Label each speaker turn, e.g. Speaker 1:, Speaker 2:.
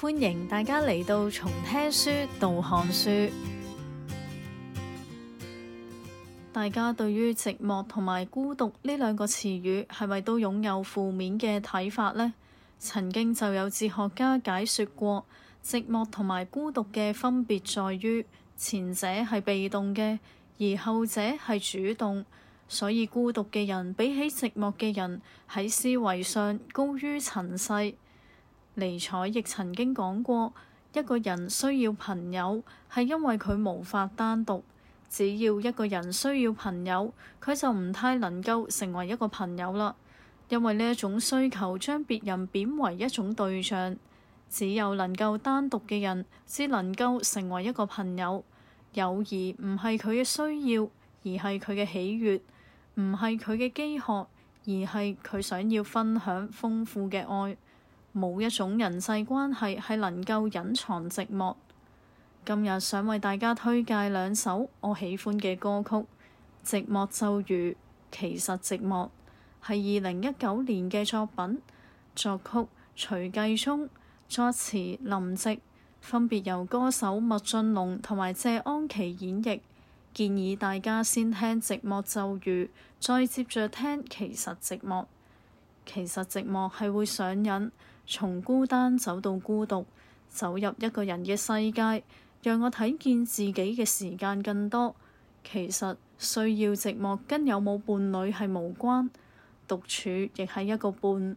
Speaker 1: 歡迎大家嚟到從聽書到看書。大家對於寂寞同埋孤獨呢兩個詞語係咪都擁有負面嘅睇法呢？曾經就有哲學家解說過，寂寞同埋孤獨嘅分別在於前者係被動嘅，而後者係主動。所以孤獨嘅人比起寂寞嘅人喺思維上高於塵世。尼采亦曾經講過：一個人需要朋友，係因為佢無法單獨。只要一個人需要朋友，佢就唔太能夠成為一個朋友啦。因為呢一種需求將別人貶為一種對象，只有能夠單獨嘅人，先能夠成為一個朋友。友誼唔係佢嘅需要，而係佢嘅喜悅；唔係佢嘅饑渴，而係佢想要分享豐富嘅愛。冇一種人際關係係能夠隱藏寂寞。今日想為大家推介兩首我喜歡嘅歌曲《寂寞就如》，其實寂寞係二零一九年嘅作品，作曲徐繼聰，作詞林夕，分別由歌手麥浚龍同埋謝安琪演繹。建議大家先聽《寂寞就如》，再接著聽《其實寂寞》。其實寂寞係會上癮，從孤單走到孤獨，走入一個人嘅世界，讓我睇見自己嘅時間更多。其實需要寂寞，跟有冇伴侶係無關，獨處亦係一個伴。